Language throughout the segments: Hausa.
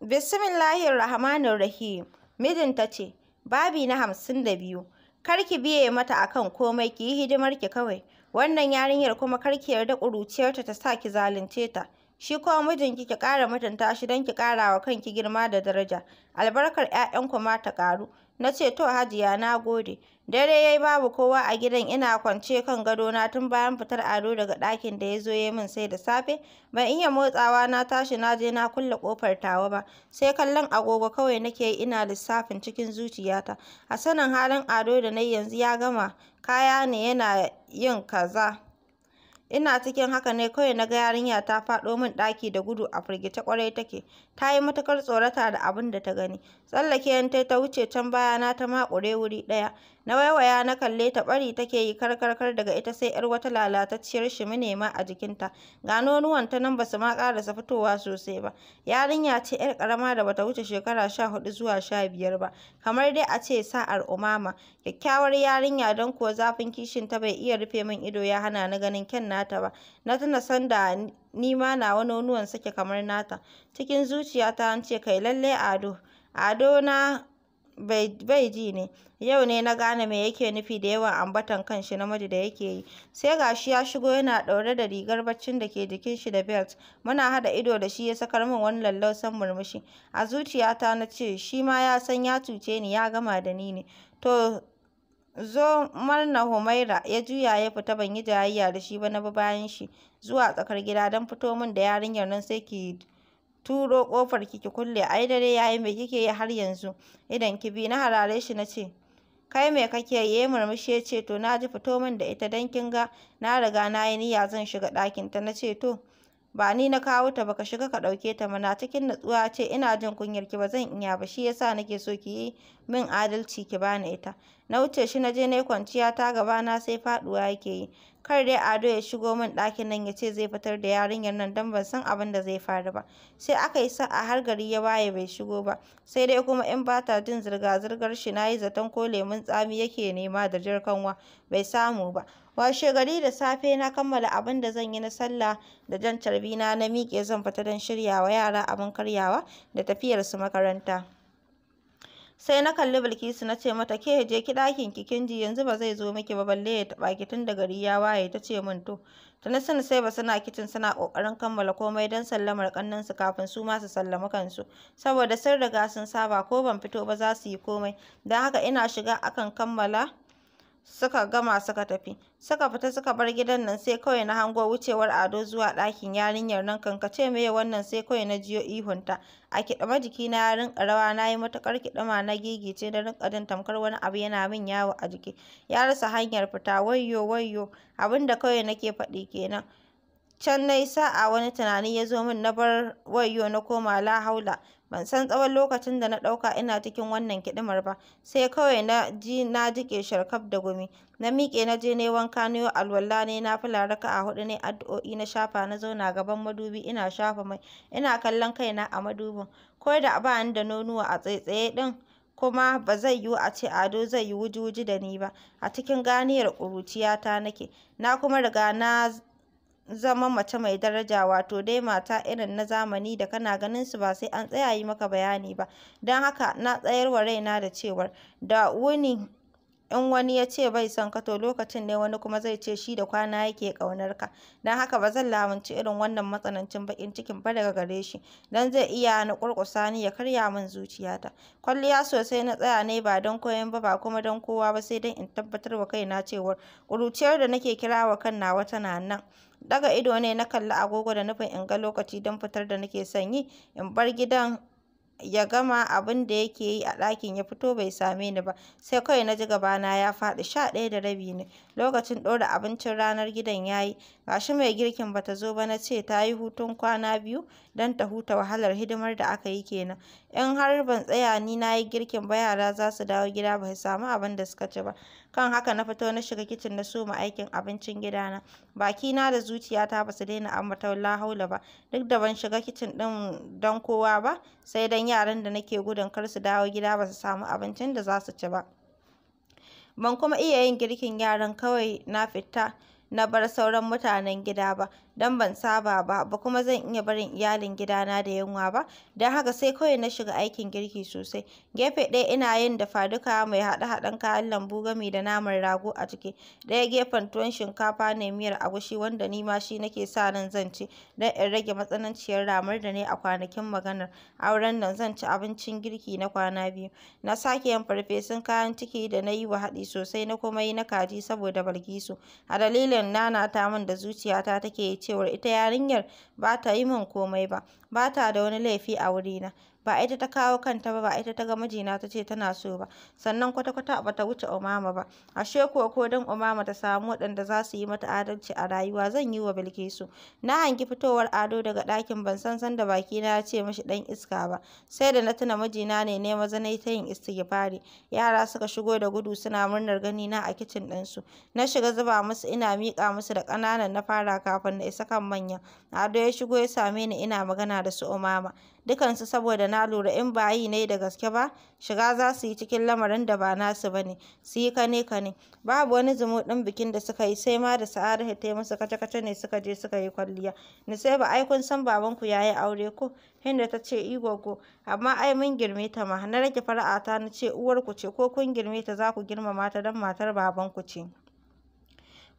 Bismillahirrahmanirrahim. Rahmanir Rahim. Mijinta ce, babi na hamsin da biyu. Kar ki biye mata akan komai ki yi hidimarki kawai. Wannan yarinyar kuma kar ki yarda ƙuruciyarta ta sa ki zalunce ta. Shi kuma mijinki ki ƙara mutunta shi don ki ƙara wa kanki girma da daraja. Albarkar 'ya'yanku ma ta ƙaru. Na ce to Hajiya na gode. Dare ya yi babu kowa a gidan ina kwance kan gadona tun bayan fitar Ado daga ɗakin da ya zo ya min sai da safe. Ban iya motsawa na tashi na je na kulle ƙofar tawa ba. Sai kallon agogo kawai nake ina lissafin cikin zuciyata. A sanin halin Ado da na yanzu ya gama kaya ne yana yin kaza. Ina cikin haka ne kawai na ga yarinya ta faɗo min ɗaki da gudu a firgice ƙwarai take. ta yi matuƙar tsorata da abin da ta gani. Tsallake ta ta wuce can bayana ta maƙure wuri ɗaya. Na waiwaya na kalle ta ɓari take yi karkarkar daga ita sai 'yar wata lalatacciyar shimi ma a jikinta. Ga nonuwanta nan ba su ma ƙarasa fitowa sosai ba. Yarinya ce 'yar ƙarama da bata wuce shekara sha hudu zuwa sha biyar ba. Kamar dai a ce sa'ar umama. Kyakkyawar yarinya don kuwa zafin kishin ta bai iya rufe min ido ya hana ni ganin kyan nata ba. Na tuna sanda ni ma nawa nonuwan suke kamar nata cikin zuciyata an ce kai lallai ado ado na bai ji ne yau ne na gane me yake nufi da yawan ambatan kanshi namiji da yake yi sai gashi ya shigo yana ɗaure da rigar baccin da ke jikin shi da belt muna hada ido da shi ya sakar min wani lallausan murmushi a zuciyata na ce shi ma ya san ya cuce ni ya gama da ni ne to Zomar na Humaira ya juya ya fita ban yi jayayya da shi ba na bi bayan shi zuwa tsakar gida don fito min da yarinyar nan sai ki turo ƙofar ki ki kulle ai dare yayi me kike yi har yanzu idan ki bi na harare shi na ce kai me kake yi ya murmushi ya ce to na ji fito min da ita don kin ga na riga na yi niyya zan shiga ɗakin ta na ce to ba ni na kawo ta ba ka shiga ka ɗauke ta mana cikin natsuwa ce ina jin kunyar ki ba zan iya ba shi yasa nake so ki yi min adalci ki bani ita na wuce shi na je na kwanciya ta gabana sai faɗuwa yake yi kar dai Ado ya shigo min ɗakin nan ya ce zai fitar da yarinyar nan don ban san abin da zai faru ba. Sai aka yi sa'a har gari ya waye bai shigo ba, sai dai kuma in ba ta jin zirga-zirgar shi na yi zaton ko lemun tsami yake nema da jirkanwa bai samu ba. Washe gari da safe na kammala abin da zan yi na sallah da jan carbi na na miƙe zan fita don shirya wa yara abin karyawa da tafiyar su makaranta. sai na kalli Bilkisu na ce mata ke je ki ɗakin ki kinji yanzu ba zai zo miki ba balle ya taɓa ki tun da gari ya waye ta ce min to tuni sun sai ba suna kicin suna ƙoƙarin kammala komai don sallamar ƙannensu kafin su ma su sallami kansu saboda sun riga sun saba ko ban fito ba za su yi komai don haka ina shiga akan kammala suka gama suka tafi. Suka fita suka bar gidan nan sai kawai na hango wucewar Ado zuwa ɗakin yarinyar nan kankace meye wannan sai kawai na jiyo ihunta. A kiɗama jikina ya rinƙa rawa na yi matuƙar kiɗama na gigice na rinƙa jin tamkar wani abu yana min yawo a jiki. Ya rasa hanyar fita wayyo wayyo abinda kawai nake faɗi kenan. Can na yi sa'a wani tunani ya zo min na bar wayo na koma la haula, ban san tsawon lokacin da na ɗauka ina cikin wannan kiɗimar ba, sai kawai na ji na jike sharkaf da gumi. Na miƙe na je ne wanka na yi ne na fila raka a huɗu ne addu'o'i na shafa na zauna gaban madubi ina shafa mai, ina kallon kaina a madubin, ko da ba ni da nonuwa a tsaitsaye din kuma ba zai yiwu a ce Ado zai yi wuji-wuji da ni ba, a cikin ganiyar ƙuruciyata nake, na kuma riga na zama mace mai daraja wato dai mata irin na zamani da kana ganin su ba sai an tsaya yi maka bayani ba don haka na tsayar wa raina da cewar da wuni In wani ya ce bai son ka, to lokacin ne wani kuma zai ce shi da kwana yake kaunar ka. Don haka ba zan lamunci irin wannan matsanancin bakin cikin ba daga gare shi, don zai iya na kurkusa ni ya karya min zuciyata. Kwalliya sosai na tsaya ne ba don koyon ba, ba kuma don kowa ba sai dan in tabbatar wa kaina cewa kuruciyar da nake kirawa wa kan nawa tana nan. daga ido ne na kalli agogo da nufin in ga lokaci don fitar da nake son yi, in bar gidan ya gama abin da yake yi a ɗakin ya fito bai same ni ba sai kawai na ji gabana ya faɗi sha ɗaya da rabi ne lokacin ɗora abincin ranar gidan ya yi kashi mai girkin bata zo ba na ce ta yi hutun kwana biyu don ta huta wahalar hidimar da aka yi kenan. In har ban tsaya ni na yi girkin ba yara za su dawo gida ba su samu abin da suka ci ba. Kan haka na fito na shiga kicin na soma aikin abincin gida na baki na da zuciyata ba su daina ambata la haula ba. Duk da ban shiga kicin din don kowa ba, sai dan yaran da nake gudun kar su dawo gida ba su samu abincin da za su ci ba. Ban kuma iya yin girkin yaran kawai na fita. na bar sauran mutanen gida ba don ban saba ba ba kuma zan iya barin iyalin gidana da yunwa ba don haka sai kawai na shiga aikin girki sosai gefe ɗaya ina yin dafa duka mai haɗe haɗen kayan lambu gami da naman rago a ciki ɗaya gefen tuwon shinkafa ne miyar agushi wanda ni ma shi nake sa nan zan ci don in rage matsananciyar ramar da ne a kwanakin maganar auren nan zan ci abincin girki na kwana biyu na sake yin farfesun kayan ciki da na yi wa haɗi sosai na kuma yi na kaji saboda Balkisu a dalilin yawan ta min da zuciyata take yi cewar ita yarinyar ba ta yi min komai ba, ba ta da wani laifi a wurina. ba ita ta kawo kanta ba ba ita ta ga mijina ta ce tana so ba sannan kwata-kwata ba ta wuce umama ba ashe kuwa ko don umama ta samu waɗanda za su yi mata adalci a rayuwa zan yi wa bilkisu na hangi fitowar ado daga ɗakin ban san san da bakina ya ce mashi ɗan iska ba sai da na tuna mijina ne ne maza na ta yin istighfari yara suka shigo da gudu suna murnar gani na a kicin ɗinsu na shiga zuba musu ina miƙa musu da ƙananan na fara kafin na isa kan manyan ado ya shigo ya same ni ina magana da su umama dukansu saboda na lura in ba yi ne da gaske ba shiga za su yi cikin lamarin da ba nasu ba ne su yi kane kane babu wani zumuɗin bikin da suka yi sai ma da sa'adatu ta yi musu kace kace ne suka je suka yi kwalliya ni sai ba ai kun san babanku ya yi aure ko Hinda ta ce i amma ai mun girme ta ma na rage fara'ata na ce uwarku ce ko kun girme ta za ku girmama ta don matar babanku ce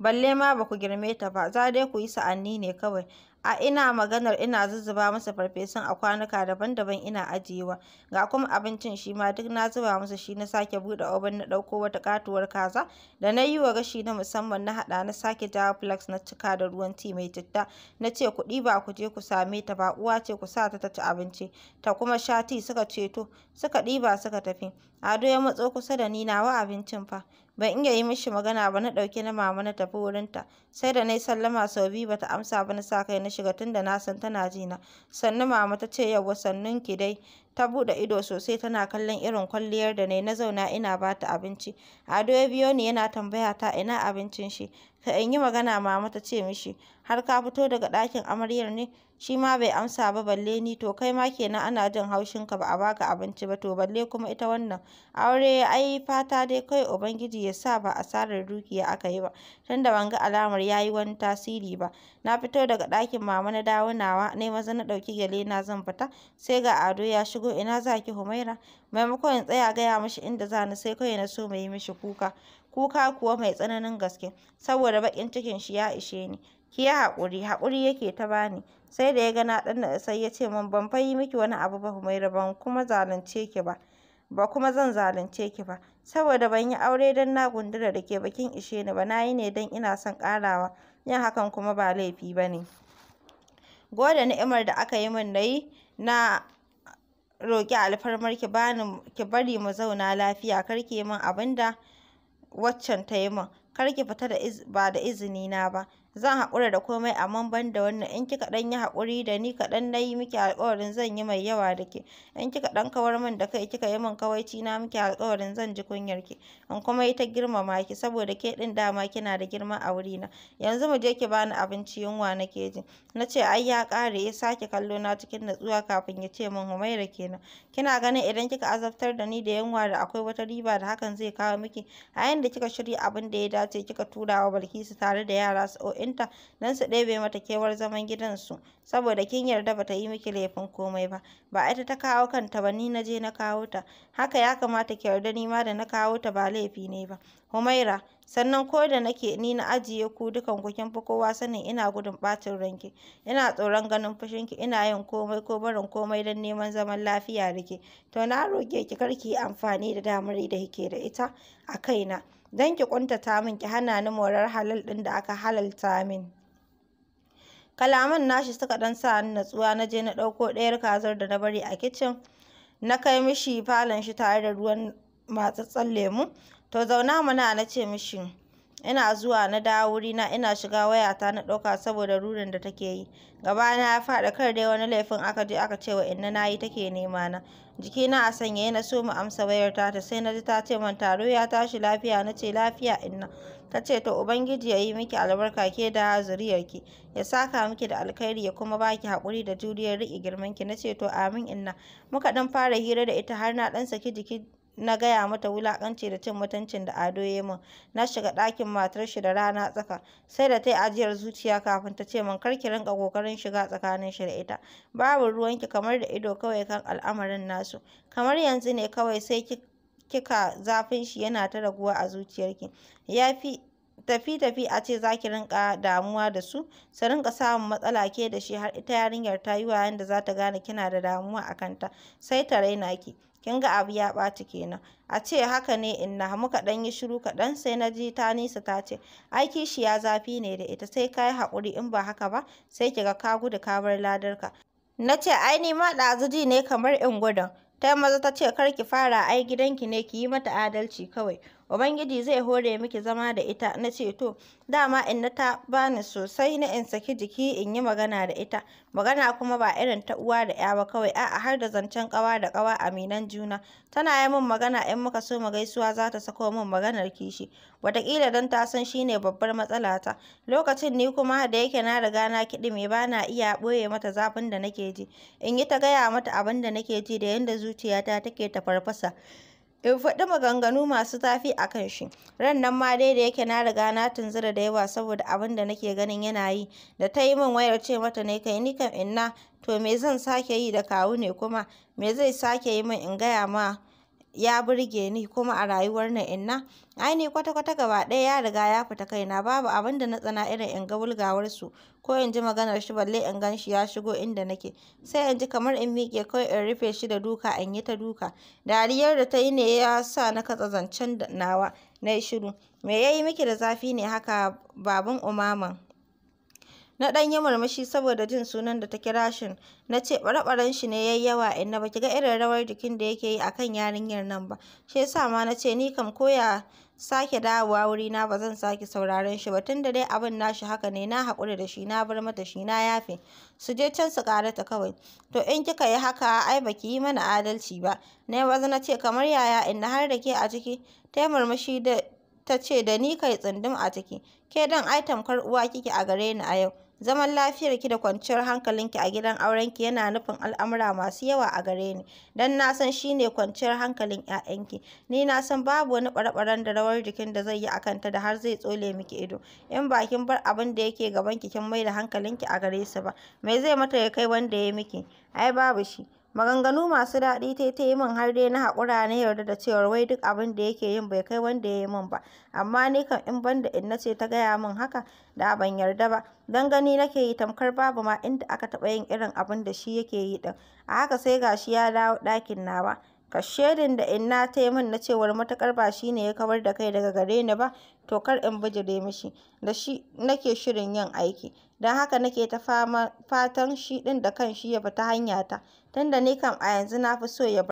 balle ma ba ku girme ta ba za dai ku yi sa'anni ne kawai a ina maganar ina zuzzuba masa farfesun a kwanuka daban-daban ina ajiyewa ga kuma abincin shi ma duk na zuba masa shi na sake buɗe oven na ɗauko wata katuwar kaza da na yi wa gashi na musamman na haɗa na sake jawo flax na cika da ruwan tea mai citta na ce ku ɗiba ku je ku same ta ba uwa ce ku sa ta ta ci abinci ta kuma sha tea suka ce to suka ɗiba suka tafi Ado ya matso kusa da ni nawa abincin fa. Ban iya yi mishi magana ba na ɗauki na mama na tafi wurinta. Sai da na yi sallama sau biyu bata amsa ba na sa kai na shiga tunda na san tana ji na. Sannu mama ta ce yauwa ki dai ta buɗe ido sosai tana kallon irin kwalliyar da nayi na zauna ina bata abinci. Ado ya biyo ni yana tambaya ta ina abincin shi. Ka in yi magana mama ta ce mishi, har ka fito daga ɗakin amaryar ne? Shi ma bai amsa ba balle ni to kai ma kenan ana jin haushin ka ba a baka abinci ba to balle kuma ita wannan. Aure ai fata dai kai Ubangiji ya sa ba asarar dukiya aka yi ba, tunda ban ga alamar yayi wani tasiri ba. Na fito daga ɗakin mama na dawo nawa, na maza na ɗauki gyale na zan fita, sai ga Ado ya shigo zo ina za ki Humaira maimakon in tsaya gaya mishi inda za ni sai kawai na so mu yi mishi kuka kuka kuwa mai tsananin gaske saboda bakin cikin shi ya ishe ni ki yi hakuri hakuri yake ta bani sai da ya ga na ɗan sai ya ce min ban fa miki wani abu ba Humaira ban kuma zalunce ki ba ba kuma zan zalunce ki ba saboda ban yi aure don na gundura da ke bakin ishe ni ba na yi ne don ina son ƙarawa yin hakan kuma ba laifi ba ne gode ni'imar da aka yi min na yi na roƙi alfarmar ki bani ki bari mu zauna lafiya kar ki yi min abin da waccan ta yi min kar ki fita ba da izini na ba zan haƙura da komai amma ban da wannan in kika ɗan yi haƙuri da ni kaɗan na yi miki alƙawarin zan yi mai yawa da ke in kika ɗan kawar min da kai kika yi min kawaici na miki alƙawarin zan ji kunyar ki in kuma yi ta girmama ki saboda ke ɗin dama kina da girma a wuri na yanzu mu je ki bani abinci yunwa nake ji na ce ai ya ƙare ya sake kallo na cikin natsuwa kafin ya ce min Humaira kenan kina ganin idan kika azabtar da ni da yunwa da akwai wata riba da hakan zai kawo miki a yayin da kika shirya abin da ya dace kika tura wa Bilkisu tare da yara sa'o'in mahaifinta don su ɗebe mata kewar zaman gidansu saboda kin yarda ba ta yi miki laifin komai ba ba ita ta kawo kanta ba ni na je na kawo ta haka ya kamata ki yarda ni ma da na kawo ta ba laifi ne ba Humaira sannan ko da nake ni na ajiye ku dukan ku kin fi kowa sanin ina gudun ɓacin ranki ina tsoron ganin ki ina yin komai ko barin komai don neman zaman lafiya da ke to na roke ki kar ki yi amfani da damar da kike da ita a kaina don ki ƙuntata min ki hana ni morar halal ɗin da aka halalta min kalaman nashi suka ɗan sa ni natsuwa na je na ɗauko ɗayar kazar da na bari a kicin na kai mishi falon shi tare da ruwan matsatsen lemu to zauna mana na ce mishi ina zuwa na dawo wurina ina shiga wayata na ɗauka saboda rurin da take yi Gaba na ya faɗi kar dai wani laifin aka je aka ce wa inna nayi take nema na jiki na a sanya na so mu amsa wayar ta. sai na ji ta ce man taro ya tashi lafiya na ce lafiya inna ta ce to ubangiji ya yi miki albarka ke da zuriyarki ya saka miki da alkhairi ya kuma baki haƙuri da juriyar riƙe girmanki na ce to amin inna muka ɗan fara hira da ita har na ɗan saki jiki na gaya mata wulakanci da cin mutuncin da Ado ya min. Na shiga ɗakin matar shi da rana tsaka, sai da ta yi ajiyar zuciya kafin ta ce min kar ki rinka kokarin shiga tsakanin shi da ita. Babu ruwanki kamar da ido kawai kan al'amarin nasu. Kamar yanzu ne kawai sai kika zafin shi yana ta raguwa a zuciyarki. Ya fi tafi-tafi a ce za ki rinka damuwa da su su rinka samun matsala ke da shi har ita yarinyar ta yi wa yanda za ta gane kina da damuwa a kanta sai ta raina ki kin ga abu ya ɓaci kenan a ce haka ne inna muka ɗan yi shiru kaɗan sai na ji ta nisa ta ce ai ya zafi ne da ita sai ka yi haƙuri in ba haka ba sai ki ga ka gudu ka bar ladarka na ce ai ni ma ɗazu ne kamar in gudun ta maza ta ce kar ki fara ai gidanki ne ki yi mata adalci kawai ubangiji zai hore miki zama da ita na ce to dama inna ta bani sosai na in saki jiki in yi magana da ita magana kuma ba irin ta uwa da ya ba kawai a'a har da zancen kawa da kawa aminan juna tana yi min magana in muka so mu gaisuwa za ta sako min maganar kishi wataƙila don ta san shine babbar matsala ta lokacin ni kuma da yake na riga na kiɗi me ba na iya ɓoye mata zafin da nake ji in yi ta gaya mata abin da nake ji da yadda zuciyata take ta farfasa in faɗi maganganu masu zafi a kan shi ran nan ma dai da yake na riga na tunzura da yawa saboda abin da nake ganin yana yi da ta yi min wayar ce mata ne kai ni kam inna to me zan sake yi da kawu ne kuma me zai sake yi min in gaya ma ya burge ni kuma a rayuwar na inna ai ni kwata-kwata gaba ɗaya ya riga ya fita kaina babu abin da na tsana irin in ga wulgawarsu ko in ji maganar shi balle in gan shi ya shigo inda nake sai in ji kamar in miƙe kawai in rufe shi da duka in yi ta duka dariyar da ta yi ne ya sa na katsa zancen nawa na yi shiru me ya yi miki da zafi ne haka baban umaman Na ɗan yi murmushi saboda jin sunan da ta kira shin. Na ce ɓare shi ne yayi yawa inna baki ga irin rawar jikin da yake yi akan yarinyar nan ba. Shi yasa ma na ce ni kam koya sake dawowa wurina ba zan sake sauraron shi ba tunda dai abin nashi haka ne na haƙura da shi na bar mata shi na yafe su je can su ƙarata kawai to in kika yi haka ai baki yi mana adalci ba na yi na ce kamar yaya in har da ke a ciki ta murmushi da ta ce da ni kai tsundum a ciki ke dan ai tamkar uwa kike a gare ni a yau Zaman lafiyarki da kwanciyar hankalinki a gidan aurenki yana nufin al'amura masu yawa a gare ni, don na san shi ne kwanciyar hankalin 'ya'yanki. Ni na san babu wani ɓarɓaren da rawar jikin da zai yi a kanta da har zai tsole miki ido, in bakin bar abin da yake ki kin mai da hankalinki a gare su ba. Me zai mata ya kai wanda ya miki? Ai babu shi. Maganganu masu daɗi ta yi min har dai na haƙura na yarda da cewar wai duk abin da yake yin bai kai wanda ya yi min ba. Amma ni kam in banda da Inna ce ta gaya min haka, da ban yarda ba. Don gani nake yi tamkar babu ma inda aka taɓa yin irin abin da shi yake yi ɗin. A haka sai ga shi ya dawo ɗakin nawa. Kashedin da Inna ta yi min na cewar matuƙar ba shi ne ya kawar da kai daga gare ni ba, to kar in bijire mishi. Da shi nake shirin yin aiki. Don haka nake ta fatan shi ɗin da kanshi ya bi ta hanyata, tunda ni kam a yanzu na fi so ya bar ni.